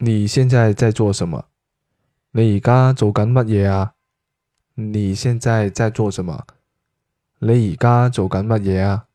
你現在在做什麼？你而家做緊乜嘢啊？你現在在做什麼？你而家做緊乜嘢啊？